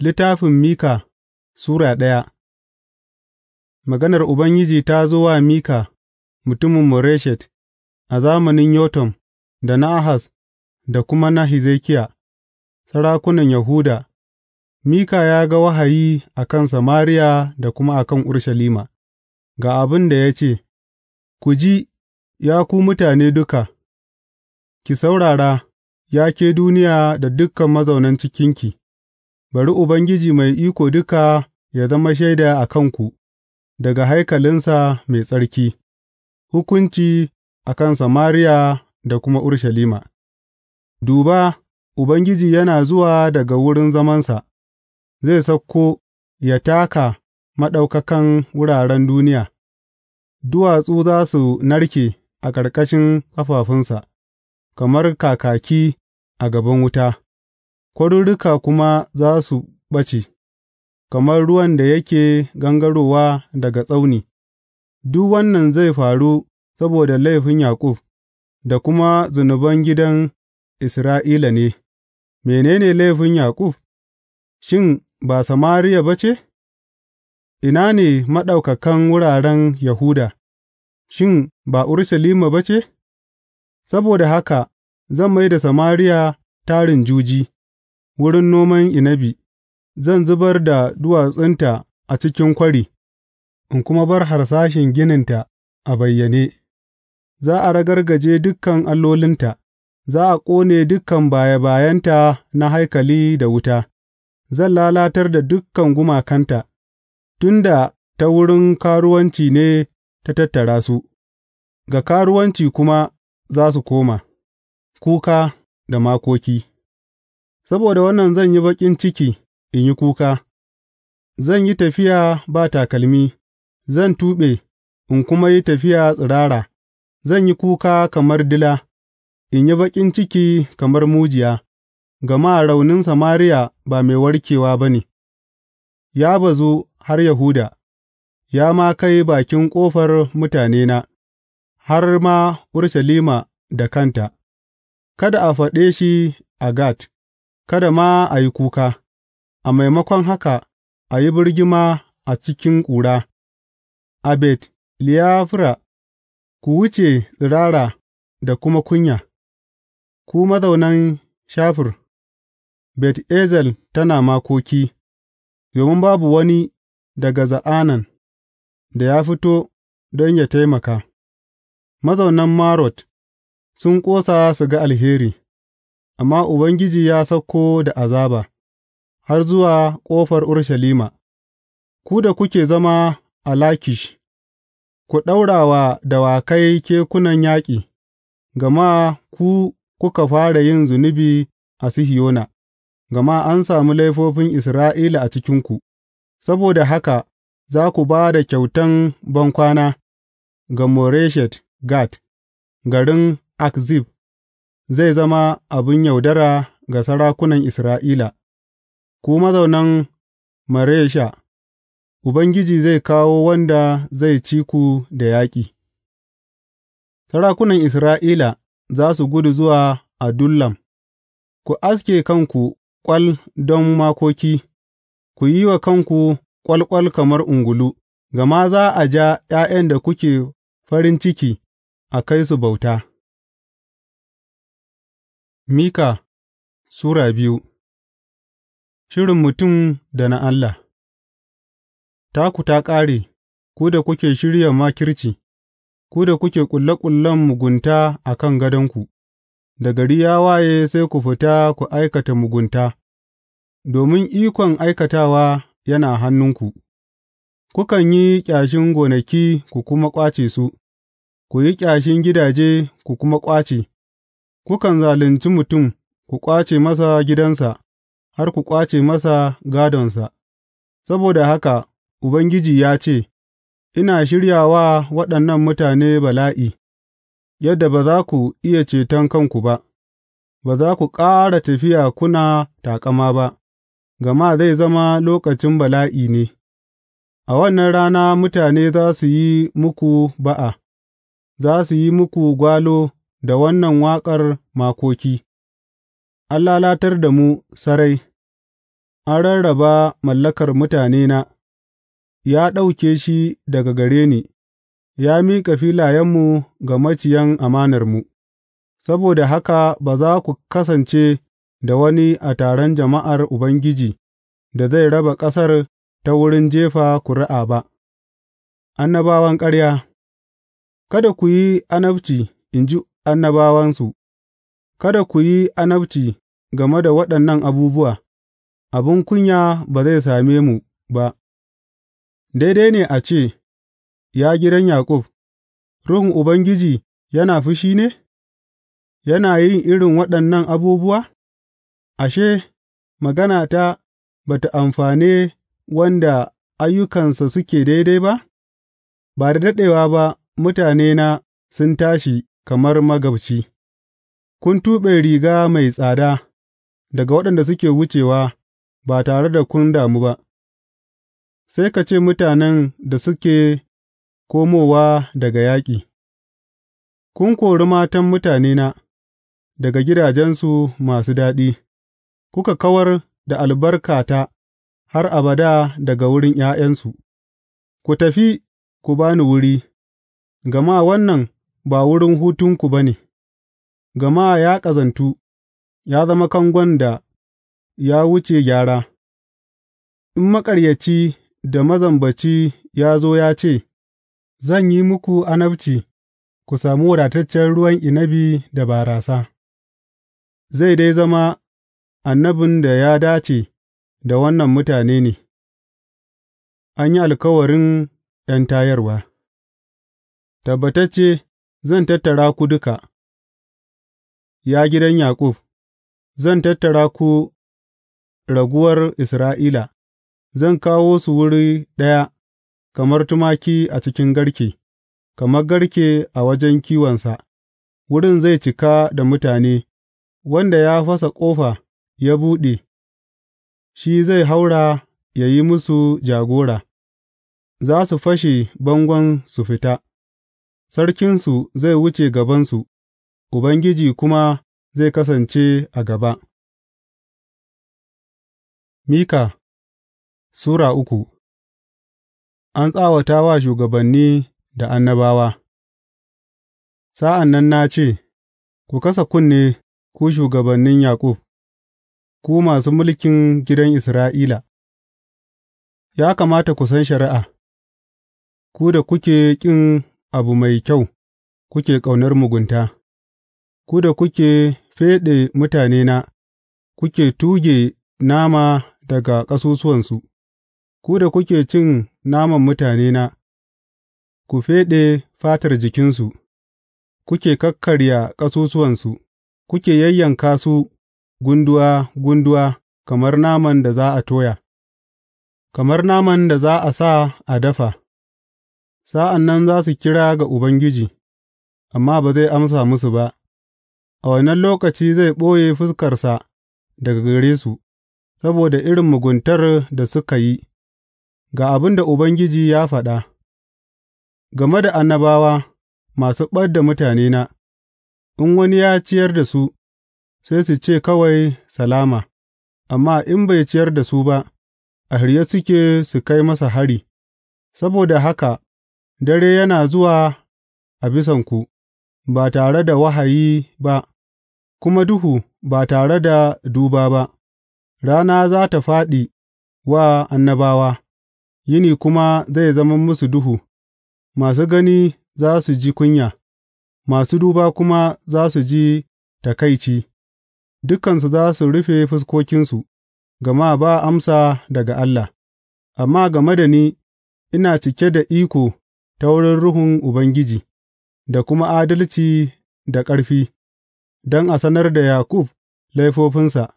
Littafin Mika Sura ɗaya. Maganar Ubangiji ta zo wa Mika mutumin Moreshet a zamanin Yotam da na Ahaz da kuma na Hezekiya, sarakunan Yahuda, Mika ya ga wahayi a kan Samariya da kuma a kan Urushalima, ga abin da ya ce, Ku ji, ya ku mutane duka, ki saurara, ya ke duniya da dukan mazaunan cikinki. Bari Ubangiji Mai Iko Duka yă zama shaida a kanku daga haikalinsa mai tsarki, hukunci a kan Samariya da kuma Urushalima Duba, Ubangiji yana zuwa daga wurin zamansa, zai sauko ya taka maɗaukakan wuraren duniya, duwatsu za su narke a ƙarƙashin ƙafafunsa kamar kakaki a gaban wuta. kwarurruka kuma za su ɓace, kamar ruwan da yake gangarowa daga tsauni, duk wannan zai faru saboda laifin Yaƙub da kuma zunuban gidan Isra'ila ne, mene ne laifin Yaƙub, shin ba Samariya ba ce? Ina ne maɗaukakan wuraren Yahuda, shin ba Urushalima ba ce? Saboda haka zan mai da Samariya tarin juji. wurin noman inabi, zan zubar da duwatsunta a cikin kwari, in kuma bar harsashin gininta a bayyane; za a ragargaje dukan allolinta, za a ƙone dukan baya bayanta na haikali da wuta, zan lalatar da dukan gumakanta, tun da ta wurin karuwanci ne ta tattara su, ga karuwanci kuma za su koma, kuka da makoki. Saboda wannan zan yi baƙin ciki in yi kuka; zan yi tafiya ba takalmi, zan tuɓe in kuma yi tafiya tsirara; zan yi kuka kamar dila, in yi baƙin ciki kamar mujiya, gama raunin Samariya ba mai warkewa ba ne, ya bazu har Yahuda, ya ma kai bakin ƙofar mutanena, har ma Urushalima da kanta; kada a faɗe shi a Gat. Kada ma a yi kuka, a maimakon haka a yi birgima a cikin ƙura; abet liyafira. ku wuce tsirara da kuma kunya, ku mazaunan Shafir; Bet Ezel tana makoki, domin babu wani daga Za'anan da ya fito don yă taimaka; mazaunan Marot sun ƙosa su ga alheri. Amma Ubangiji ya sauko da azaba har zuwa ƙofar Urushalima; ku da kuke zama a Lakish, ku ɗaura wa dawakai kekunan yaƙi, gama ku kuka fara yin zunubi a Sihiyona, gama an sami laifofin Isra'ila a cikinku, saboda haka za ku ba da kyautan bankwana ga Moreshet Gat, garin Akzib. zai zama abin yaudara ga sarakunan Isra'ila, ku mazaunan Maresha, Ubangiji zai kawo wanda zai ci ku da yaƙi. Sarakunan Isra'ila za su gudu zuwa Adullam, ku aske kanku ƙwal don makoki, ku yi wa kanku ƙwalƙwal kamar ungulu, gama za a ja ’ya'yan da kuke farin ciki a kai su bauta. Mika Sura biyu Shirin mutum da na Allah Taku ta ƙare, ku da kuke shirya makirci, ku da kuke ƙulle ƙullen mugunta a kan gadonku, da gari ya waye sai ku fita ku aikata mugunta, domin ikon aikatawa yana hannunku, kukan yi ƙyashin gonaki ku kuma ƙwace su, ku yi ƙyashin gidaje ku kuma ƙwace. Kukan zalunci mutum ku ƙwace masa gidansa, har ku ƙwace masa gādonsa, saboda haka Ubangiji ya ce, Ina shirya wa waɗannan mutane bala'i, yadda ba za ku iya ceton kanku ba, ba za ku ƙara tafiya kuna taƙama ba, gama zai zama lokacin bala'i ne, a wannan rana mutane za su yi muku ba'a, za su yi muku gwalo da wannan waƙar makoki, An lalatar da mu sarai, an rarraba mallakar mutanena, ya ɗauke shi daga gare ni, ya miƙa filayenmu ga maciyan amanarmu, saboda haka ba za ku kasance da wani a taron jama'ar Ubangiji da zai raba ƙasar ta wurin jefa ƙuri'a ba. Annabawan ƙarya Kada ku yi anabci, in ji annabawansu, Kada ku yi annabci game da waɗannan abubuwa, abin kunya ba zai same mu ba, daidai ne a ce, Ya gidan Yaƙub, Ruhun Ubangiji yana fushi ne, yana yin irin waɗannan abubuwa, ashe, maganata ba ta amfane wanda ayyukansa suke daidai ba? Ba da daɗewa ba mutanena sun tashi kamar magabci, kun tuɓe riga mai tsada daga waɗanda suke wucewa ba tare da kun damu ba, sai ka ce mutanen da suke komowa daga yaƙi, Kun kori matan mutanena daga gidajensu masu daɗi, kuka kawar da albarkata har abada daga wurin ’ya'yansu, ku tafi ku ba ni wuri, gama wannan ba wurin hutunku ba ne, gama ya ƙazantu, ya zama kangon da ya wuce gyara, in maƙaryaci da mazambaci ya zo ya ce, Zan yi muku anabci, ku sami wadataccen ruwan inabi da barasa, zai dai zama annabin da ya dace da wannan mutane ne, an yi alkawarin ’yan tayarwa. Tabbatacce Zan tattara ku duka, ya gidan Yaƙub, zan tattara ku raguwar Isra'ila, zan kawo su wuri ɗaya kamar tumaki a cikin garke, kamar garke a wajen kiwonsa, wurin zai cika da mutane, wanda ya fasa ƙofa ya buɗe, shi zai haura ya yi musu jagora, za su fashe bangon su fita. Sarkinsu zai wuce gabansu, Ubangiji kuma zai kasance a gaba. Mika Sura uku An tsawata wa shugabanni da annabawa Sa'an nan na ce, Ku kasa kunne, ku shugabannin Yaƙub, ku masu mulkin gidan Isra'ila, ya kamata ku san shari'a, ku da kuke ƙin abu mai kyau, kuke ƙaunar mugunta, ku da kuke feɗe mutanena, kuke tuge nama daga ƙasusuwansu, ku da kuke cin naman mutanena, ku feɗe fatar jikinsu, kuke kakkarya ƙasusuwansu, kuke yayyanka su gunduwa gunduwa kamar naman da za a toya, kamar naman da za a sa a dafa. Sa'an nan za su kira ga Ubangiji, amma ba zai amsa musu ba, a wannan lokaci zai ɓoye fuskarsa daga gare su, saboda irin muguntar da suka yi, ga abin da Ubangiji ya faɗa, Game da annabawa masu ɓadda da mutanena, in wani ya ciyar da su, sai su ce kawai salama, amma in bai ciyar da su ba, a hirye suke su kai masa hari, saboda haka Dare yana zuwa a bisanku ba tare da wahayi ba, kuma duhu ba tare da duba ba; rana za ta fāɗi wa annabawa, yini kuma zai zama musu duhu, masu gani za su ji kunya, masu duba kuma za su ji takaici. dukansu za su rufe fuskokinsu, gama ba amsa daga Allah, amma game da ni, ina cike da iko. ta wurin Ruhun Ubangiji, da kuma adalci da ƙarfi, don a sanar da Yaƙub laifofinsa,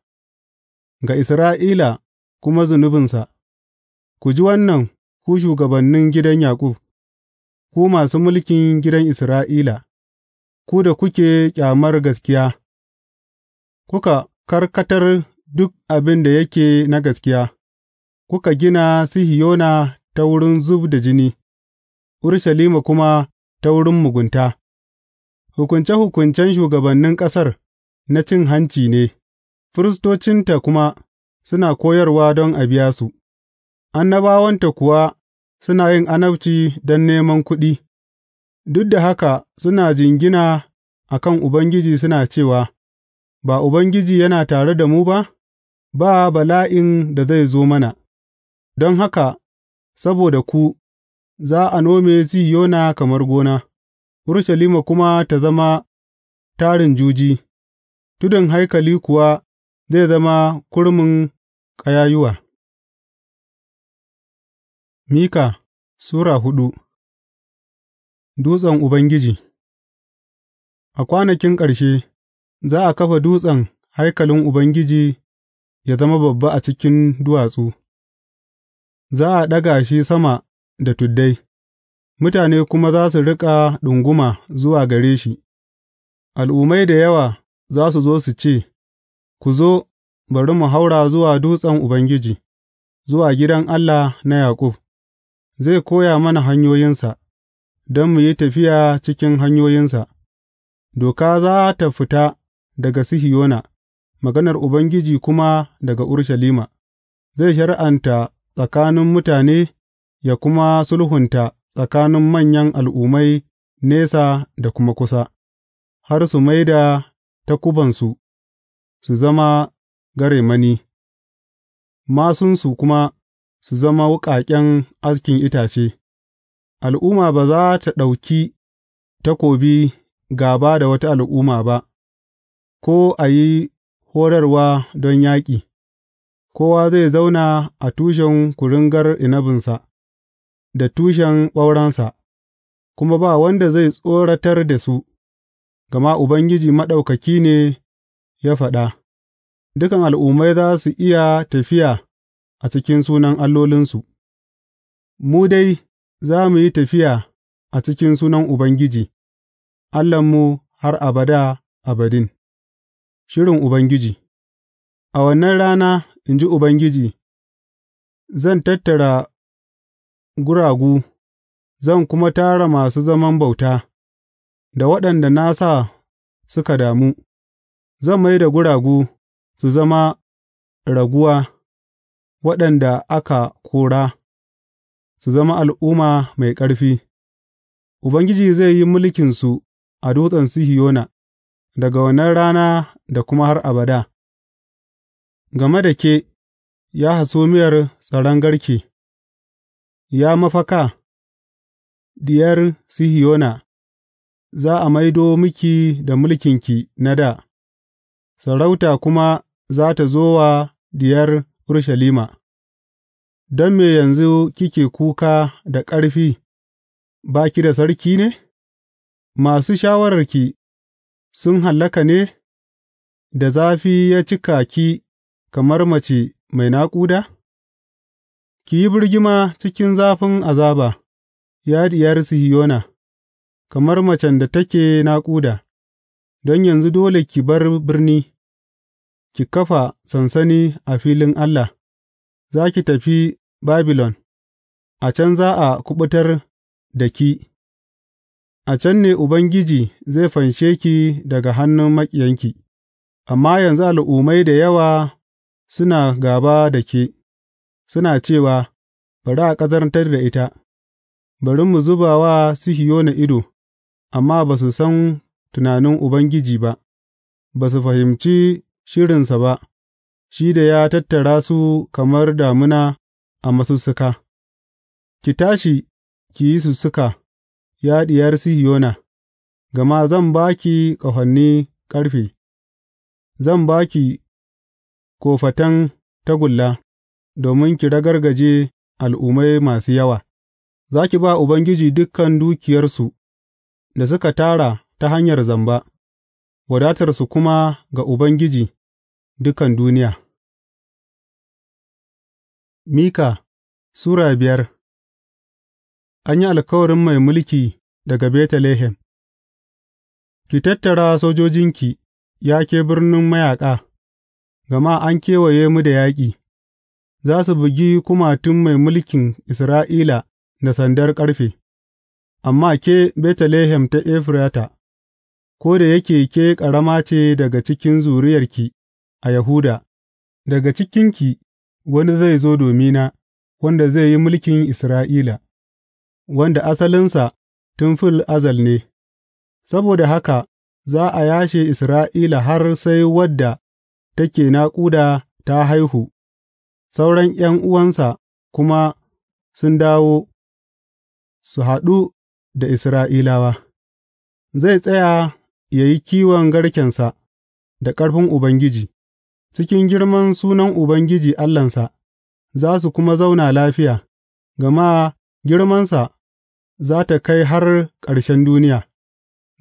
ga Isra'ila kuma zunubinsa, ku ji wannan, ku shugabannin gidan Yaƙub, ku masu mulkin gidan Isra'ila, ku da kuke ƙyamar gaskiya, kuka karkatar duk abin da yake na gaskiya, kuka gina Sihiyona ta wurin zub da jini. Urushalima kuma ta wurin mugunta Hukunce hukuncen shugabannin ƙasar na cin hanci ne, firistocinta kuma suna koyarwa don a biya su, annabawanta kuwa suna yin anabci don neman kuɗi, duk da haka suna jingina a kan Ubangiji suna cewa, Ba Ubangiji yana tare da mu ba, ba bala'in da zai zo mana, don haka saboda ku. za a nome Sihiyona kamar gona, Urushalima kuma ta zama tarin juji, tudun haikali kuwa zai zama kurmin ƙayayuwa. Mika Sura hudu Dutsen Ubangiji A kwanakin ƙarshe, za a kafa dutsen haikalin Ubangiji ya zama babba a cikin duwatsu, za a ɗaga shi sama da tuddai, mutane kuma za su riƙa ɗunguma zuwa gare shi, al'ummai da yawa za su zo su ce, Ku zo, bari mu haura zuwa dutsen Ubangiji, zuwa gidan Allah na Yaƙub, zai koya mana hanyoyinsa, don mu yi tafiya cikin hanyoyinsa, doka za ta fita daga Sihiyona, maganar Ubangiji kuma daga Urushalima, zai shari'anta tsakanin mutane. ya kuma sulhunta tsakanin manyan al'ummai nesa da kuma kusa, har su mai da takubansu su zama garemani, masunsu kuma su zama wuƙaƙen askin itace, al'umma ba za ta ɗauki takobi gaba da wata al'umma ba, ko a yi horarwa don yaƙi, kowa zai zauna a tushen kuringar inabinsa. da tushen ɓaurensa, kuma ba wanda zai tsoratar da su, gama Ubangiji Maɗaukaki ne ya faɗa, dukan al'ummai za su iya tafiya a cikin sunan allolinsu, mu dai za mu yi tafiya a cikin sunan Ubangiji, Allahnmu har abada abadin. Shirin Ubangiji A wannan rana, in ji Ubangiji, zan tattara guragu zan kuma tara masu zaman bauta, da waɗanda na sa suka damu, zan mai da guragu su zama raguwa waɗanda aka kora, su zama al'umma mai ƙarfi, Ubangiji zai yi mulkinsu a dutsen Sihiyona, daga wannan rana da kuma har abada. Game da ke, ya hasumiyar tsaron garke. Ya mafaka, Diyar Sihiyona, za a maido miki da mulkinki na dā, sarauta kuma za tă zo wa Diyar Urushalima, Don me yanzu kike kuka da ƙarfi, ba ki da sarki ne? Masu shawararki sun hallaka ne, da zafi ya cika ki kamar mace mai naƙuda? Ki yi birgima cikin zafin azaba, ya Diyar Sihiyona, kamar macen da take naƙuda, don yanzu dole ki bar birni, ki kafa sansani a filin Allah, za ki tafi Babilon, a can za a kuɓutar da ki, a can ne Ubangiji zai fanshe ki daga hannun maƙiyanki, amma yanzu al'ummai da yawa suna gaba da ke. suna cewa, Bari a ƙazantar da ita, bari mu zuba wa Sihiyona ido, amma ba su san tunanin Ubangiji ba, ba su fahimci shirinsa ba, shi da ya tattara su kamar damuna a masussuka. Ki tashi, ki yi sussuka, ya diyar Sihiyona, gama zan ba ki ƙahonni ƙarfe, zan ba ki kofatan tagulla. domin ki ragargaje al'ummai masu yawa, za ki ba Ubangiji dukan dukiyarsu da suka tara ta hanyar zamba, wadatarsu kuma ga Ubangiji dukan duniya. Mika Sura biyar An yi alkawarin mai mulki daga Betlehem Ki tattara sojojinki, ya ke birnin mayaƙa, gama an kewaye mu da yaƙi. za su bugi kumatun mai mulkin Isra'ila da sandar ƙarfe, amma ke Betlehem ta Efrata, ko da yake ke ƙarama ce daga cikin zuriyarki a Yahuda, daga cikinki wani zai zo domina, wanda zai yi mulkin Isra'ila, wanda asalinsa tun fil azal ne, saboda haka za a yashe Isra'ila har sai wadda take naƙuda ta haihu. sauran ’yan'uwansa kuma sun dawo su haɗu da Isra'ilawa, zai tsaya ya yi kiwon garkensa da ƙarfin Ubangiji, cikin girman sunan Ubangiji Allahnsa, za su kuma zauna lafiya, gama girmansa za tă kai har ƙarshen duniya,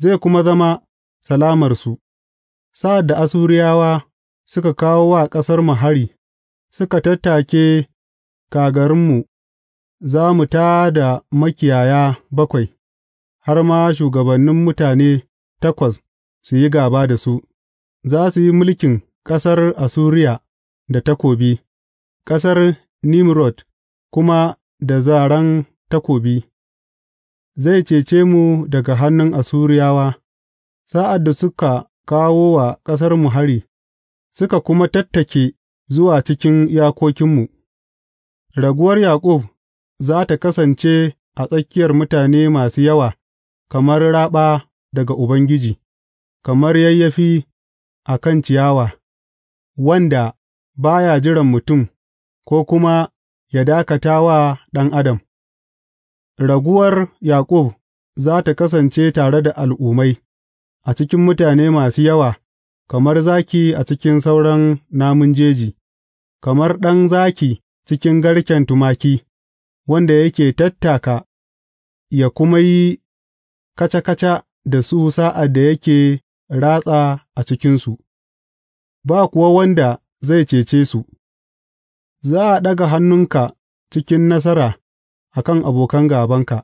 zai kuma zama salamarsu, sa'ad da Assuriyawa suka kawo wa ƙasarmu hari. suka tattake kagarinmu, za mu tā da makiyaya bakwai, har ma shugabannin mutane takwas su yi gāba da su, za su yi mulkin ƙasar Asuriya da takobi, ƙasar Nimrod kuma da zaren takobi. Zai cece mu daga hannun asuriyawa, sa'ad da suka kawo wa ƙasarmu hari, suka kuma tattake zuwa cikin iyakokinmu, raguwar Yaƙub za tă kasance a tsakiyar mutane masu yawa kamar raɓa daga Ubangiji, kamar yayyafi a kan ciyawa, wanda ba ya jiran mutum ko kuma ya dakata wa ɗan adam. Raguwar Yaƙub za tă kasance tare da al'ummai, a cikin mutane masu yawa. kamar zaki a cikin sauran namun jeji, kamar ɗan zaki cikin garken tumaki, wanda yake tattaka ya kuma yi kaca-kaca da su sa'ad da yake ratsa a cikinsu, ba kuwa wanda zai cece su, za a ɗaga hannunka cikin nasara a kan abokan gabanka.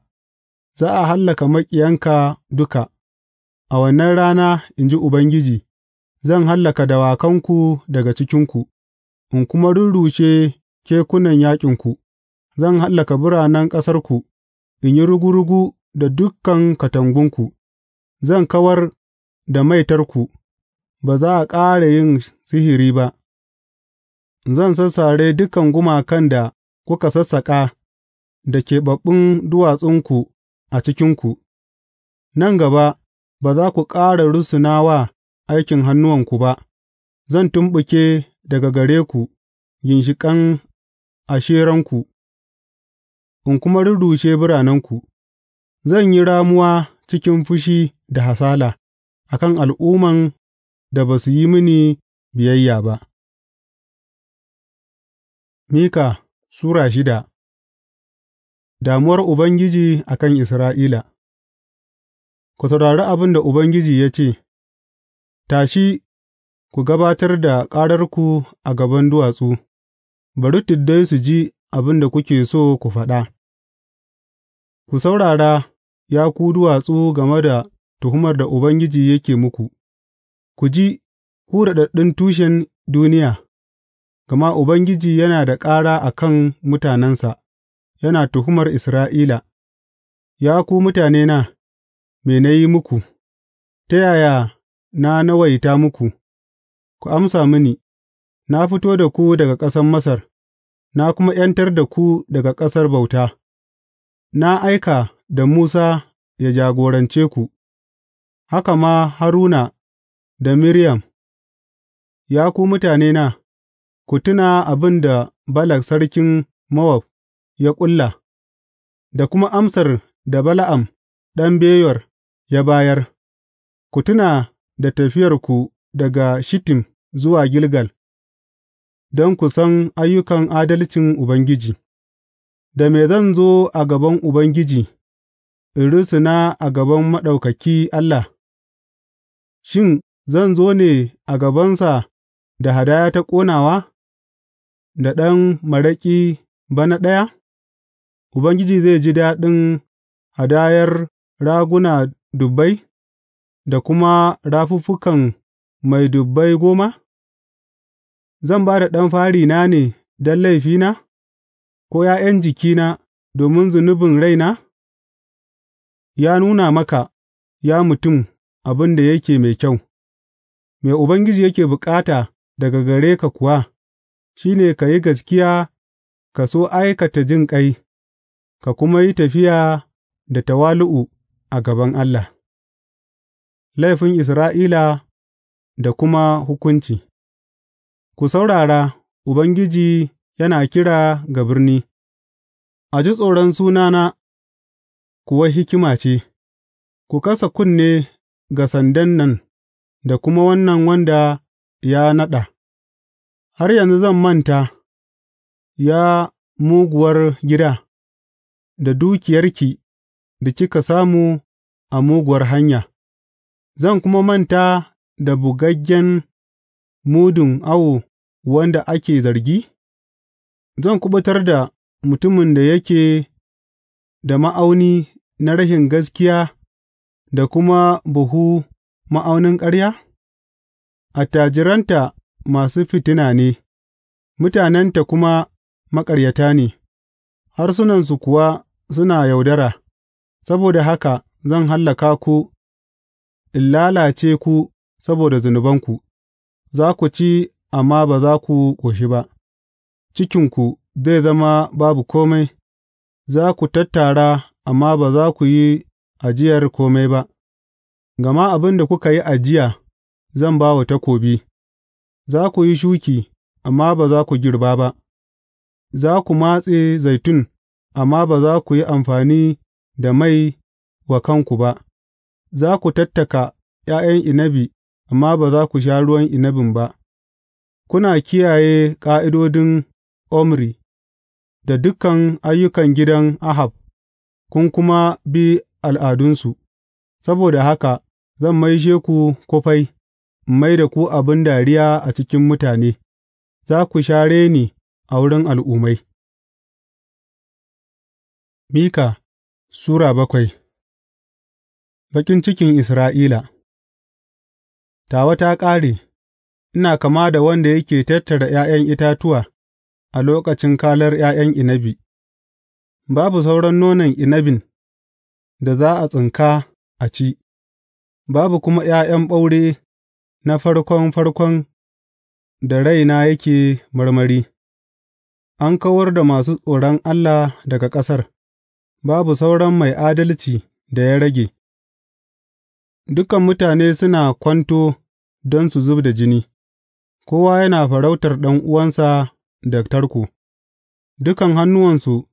za a hallaka maƙiyanka duka, a wannan rana in ji Ubangiji. Zan hallaka dawakanku daga cikinku, in kuma rurrushe kekunan yaƙinku; zan hallaka biranen ƙasarku, in yi rugu rugu da dukan katangunku, zan kawar da maitarku, ba za a ƙara yin sihiri ba, zan sassare dukan gumakan da kuka sassaƙa da keɓaɓɓun duwatsunku a cikinku, nan gaba ba za ku ƙara rusuna wa. aikin hannuwanku ba, zan tumɓuke daga gare ku ginshiƙan Asheranku, in kuma rurrushe biranenku, zan yi ramuwa cikin fushi da hasala a kan al'umman da ba su yi mini biyayya ba. Mika Sura shida Damuwar Ubangiji a kan Isra'ila Ku saurari abin da Ubangiji ya ce. Tashi, ku gabatar da ƙararku a gaban duwatsu; bari tuddai su ji abin da kuke so ku faɗa, Ku saurara, ya ku duwatsu game da tuhumar da Ubangiji yake muku; ku ji, ku daɗaɗɗun tushen duniya, gama Ubangiji yana da ƙara a kan mutanensa, yana tuhumar Isra'ila, Ya ku mutanena, me na yi muku, ta yaya. na nawaita muku, ku amsa mini, Na fito da ku daga ƙasar Masar, na kuma ’yantar da ku daga ƙasar bauta, na aika da Musa ya jagorance ku, haka ma Haruna da Miriyam, ya ku mutanena, ku tuna abin da Balak sarkin Mowab ya ƙulla, da kuma amsar da Bala'am ɗan Beyor ya bayar, ku tuna da tafiyarku daga Shittim zuwa Gilgal, don ku san ayyukan adalcin Ubangiji, da me zan zo a gaban Ubangiji in rusuna a gaban Maɗaukaki Allah, shin, zan zo ne a gabansa da hadaya ta ƙonawa, da ɗan maraƙi bana ɗaya? Ubangiji zai ji daɗin hadayar raguna dubbai? da kuma rafuffukan mai dubbai goma? Zan ba da ɗan farina ne don laifina, ko ’ya'yan jikina domin zunubin raina? Ya nuna maka, ya mutum, abin da yake mai kyau, me Ubangiji yake bukata daga gare ka kuwa, shi ne ka yi gaskiya ka so aikata jinƙai, ka kuma yi tafiya da tawali'u a gaban Allah. Laifin Isra'ila da kuma hukunci Ku saurara, Ubangiji yana kira ga birni, A ji tsoron sunana kuwa hikima ce; ku kasa kunne ga sandan nan da kuma wannan wanda ya naɗa, har yanzu zan manta, ya muguwar gida, da dukiyarki da kika samu a muguwar hanya. Zan kuma manta da bugaggen mudun awo wanda ake zargi? Zan kuɓutar da mutumin da yake da ma'auni na rashin gaskiya da kuma buhu ma'aunin ƙarya? Attajiranta masu fitina ne, mutanenta kuma maƙaryata ne, harsunansu kuwa suna yaudara; saboda haka zan hallaka ku. in lalace ku saboda zunubanku; za ku ci amma ba za ku ƙoshi ba, cikinku zai zama babu kome, za ku tattara amma ba za ku yi ajiyar kome ba, gama abin da kuka yi ajiya zan ba wa takobi, za ku yi shuki amma ba za ku girba ba, za ku matse zaitun amma ba za ku yi amfani da mai wa kanku ba. Za ku tattaka ’ya'yan inabi amma ba za ku sha ruwan inabin ba, kuna kiyaye ƙa'idodin Omri da dukan ayyukan gidan Ahab kun kuma bi al'adunsu, saboda haka zan maishe ku kufai in mai da ku abin dariya a cikin mutane, za ku share ni a wurin al'ummai. Mika Sura bakwai Baƙin cikin Isra'ila Tawa ta ƙare, ina kama da wanda yake tattara ’ya'yan itatuwa a lokacin kalar ’ya'yan inabi; babu sauran nonon inabin da za a tsinka a ci, babu kuma ’ya'yan ɓaure na farkon farkon da raina yake marmari; an kawar da masu tsoron Allah daga ƙasar, babu sauran mai adalci da ya rage. dukan mutane suna kwanto don su zub da jini, kowa yana farautar ɗan'uwansa da tarko, dukan hannuwansu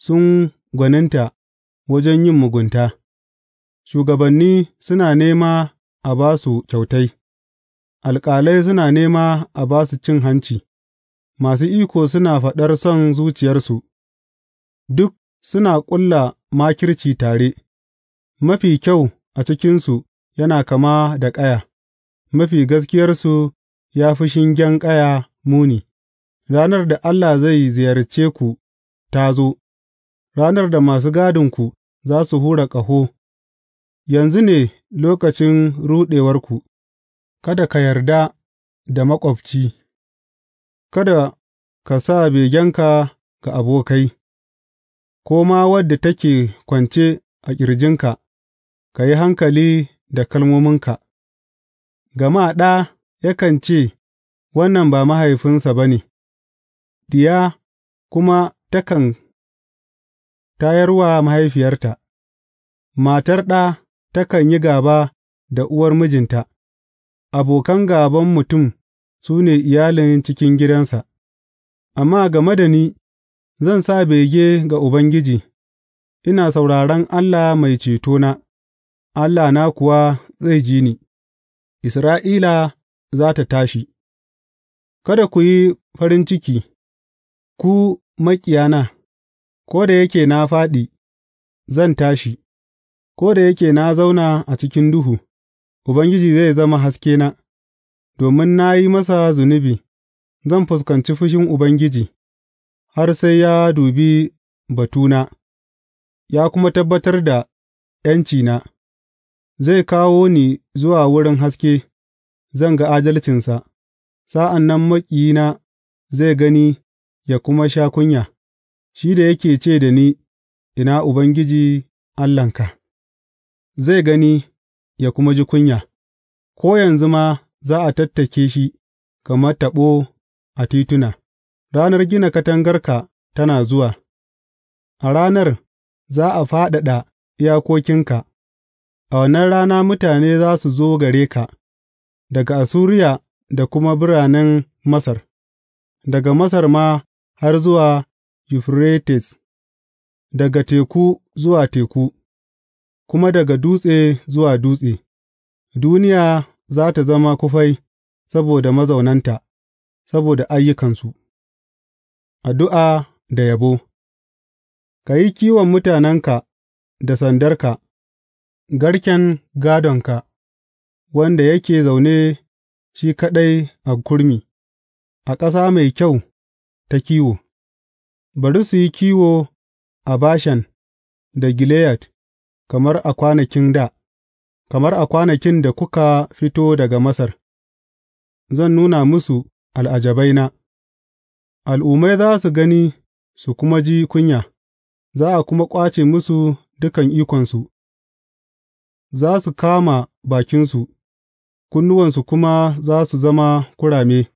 sun gwaninta wajen yin mugunta, shugabanni suna nema a ba su kyautai, alƙalai suna nema a ba su cin hanci, masu iko suna faɗar son zuciyarsu, duk suna ƙulla makirci tare, mafi kyau a cikinsu. yana kama da ƙaya, mafi gaskiyarsu ya fi shingen ƙaya muni, ranar da Allah zai ziyarce ku ta zo, ranar da masu gadinku za su hura ƙaho, yanzu ne lokacin ruɗewarku, kada ka yarda da maƙwabci, kada ka sa begenka ga abokai, ko ma wadda take kwance a ƙirjinka, ka yi hankali da kalmominka, gama ɗa yakan ce, Wannan ba mahaifinsa ba ne, diya kuma takan tayar wa mahaifiyarta, matar ɗa takan yi gaba da uwar mijinta, abokan gaban mutum su ne iyalin cikin gidansa, amma game da ni zan sa bege ga Ubangiji, ina sauraron Allah Mai cetona. Allahna kuwa zai ji ni; Isra'ila za ta tashi Kada ku yi farin ciki, ku maƙiyana, ko da yake na fāɗi, zan tashi; ko da yake na zauna a cikin duhu, Ubangiji zai zama haskena, domin na yi masa zunubi, zan fuskanci fushin Ubangiji, har sai ya dubi batuna ya kuma tabbatar da ’yancina. Zai kawo ni zuwa wurin haske, zan ga adalcinsa; sa'an nan maƙiyina zai gani ya kuma sha kunya, shi da yake ce da ni, Ina Ubangiji Allahnka?’ Zai gani ya kuma ji kunya, ko yanzu ma za a tattake shi kamar taɓo a tituna; ranar gina katangarka tana zuwa, a ranar za a fadada iyakokinka. A wannan rana mutane za su zo gare ka daga Assuriya da kuma biranen Masar, daga Masar ma har zuwa Yuferites, daga teku zuwa teku, kuma daga dutse zuwa dutse; duniya za ta zama kufai saboda mazaunanta, saboda ayyukansu. Addu'a da yabo Ka yi kiwon mutanenka da sandarka. garken gādonka, wanda yake zaune shi kaɗai a kurmi, a ƙasa mai kyau ta kiwo; bari su yi kiwo a Bashan da Gileyad kamar a kwanakin da. kamar a kwanakin da kuka fito daga Masar, zan nuna musu al'ajabaina, al'ummai za su gani su kuma ji kunya, za a kuma ƙwace musu dukan ikonsu. za su kama bakinsu, kunnuwansu kuma za su zama kurame;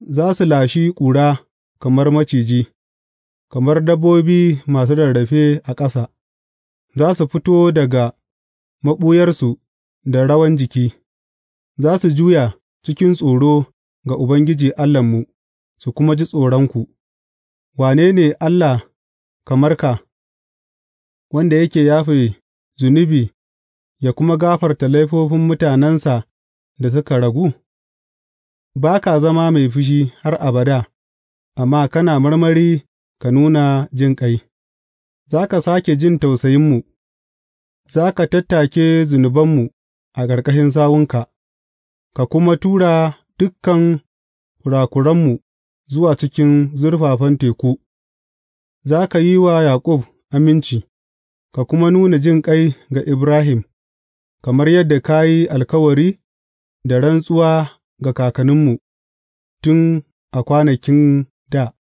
za su lashi ƙura kamar maciji, kamar dabbobi masu rarrafe a ƙasa; za su fito daga maɓuyarsu da rawan jiki, za su juya cikin tsoro ga Ubangiji Allahnmu, su kuma ji tsoronku, Wane ne Allah kamar ka, wanda yake yafe zunubi? ya kuma gafarta laifofin mutanensa da suka ragu? Ba ka zama mai fushi har abada, amma kana marmari ka nuna jin ƙai. za ka sake jin tausayinmu, za ka tattake zunubanmu a ƙarƙashin sawunka, ka kuma tura dukan kurakuranmu zuwa cikin zurfafan teku, za ka yi wa Yaƙub aminci ka kuma nuna jin ƙai ga Ibrahim. kamar yadda ka yi alkawari da rantsuwa ga kakanninmu tun a kwanakin dā.